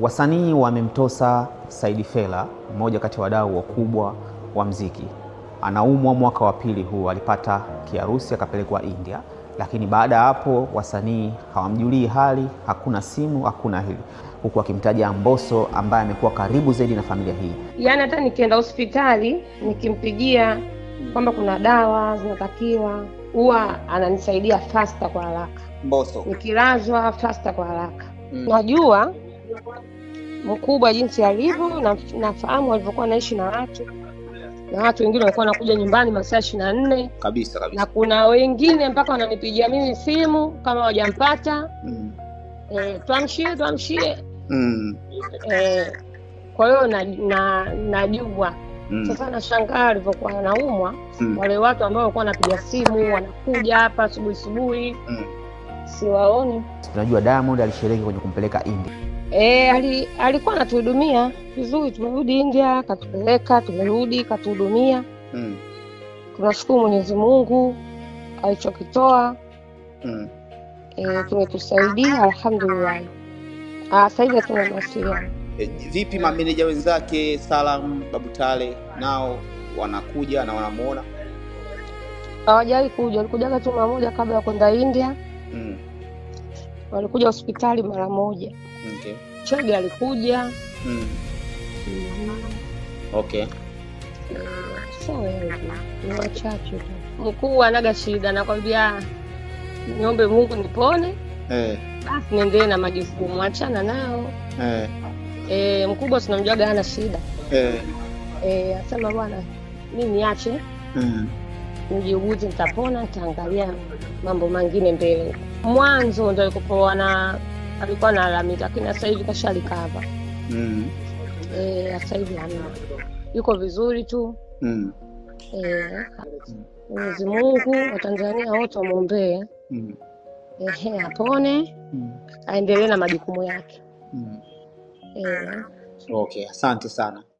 Wasanii wamemtosa saidi fela mmoja kati ya wadau wakubwa wa mziki. Anaumwa mwaka wa pili huu, alipata kiharusi akapelekwa India, lakini baada ya hapo wasanii hawamjulii hali, hakuna simu, hakuna hili, huku akimtaja Mbosso ambaye amekuwa karibu zaidi na familia hii. yani hata nikienda hospitali nikimpigia kwamba kuna dawa zinatakiwa, huwa ananisaidia fasta kwa haraka. Mbosso nikilazwa fasta kwa haraka mm. najua mkubwa jinsi alivyo, na nafahamu alivyokuwa anaishi na watu na watu wengine walikuwa wanakuja nyumbani masaa ishirini na nne kabisa kabisa, na kuna wengine mpaka wananipigia mimi simu kama wajampata mm. E, eh, twamshie twamshie mm. E, kwa hiyo najua na, na mm. Sasa nashangaa alivyokuwa anaumwa mm. Wale watu ambao walikuwa wanapiga simu wanakuja hapa asubuhi subuhi mm. siwaoni Tunajua Diamond alishiriki kwenye kumpeleka India. Eh, ali, alikuwa anatuhudumia vizuri, tumerudi India katupeleka, tumerudi katuhudumia mm. Tunashukuru Mwenyezi Mungu alichokitoa mm. E, tumetusaidia alhamdulillah. Ah, sasa hivi tuna mawasiliano. E, vipi mameneja wenzake Salam Babutale nao wanakuja na wanamuona? Hawajawahi kuja, walikujaga tu mara moja kabla ya kwenda India mm walikuja hospitali mara moja. Okay. Chaga alikuja hmm. mm-hmm. Ni wachache tu. Mkuu anaga shida, nakwambia niombe Mungu nipone eh. basi Basi niendee na majukumu, achana nao hey. Eh. E, eh, mkubwa tunamjuaga hana shida hey. E, asema bwana mi niache mm nijiuguze, nitapona, nitaangalia mambo mengine mbele. Mwanzo ndo alikuwa na alikuwa analalamika, lakini sasa hivi kashalikava. mm. E, sasa hivi ana yuko vizuri tu. mm. E, Mwenyezi Mungu Watanzania wote wamwombee. mm. Ehe, apone. mm. aendelee na majukumu yake. mm. E. Okay, asante sana.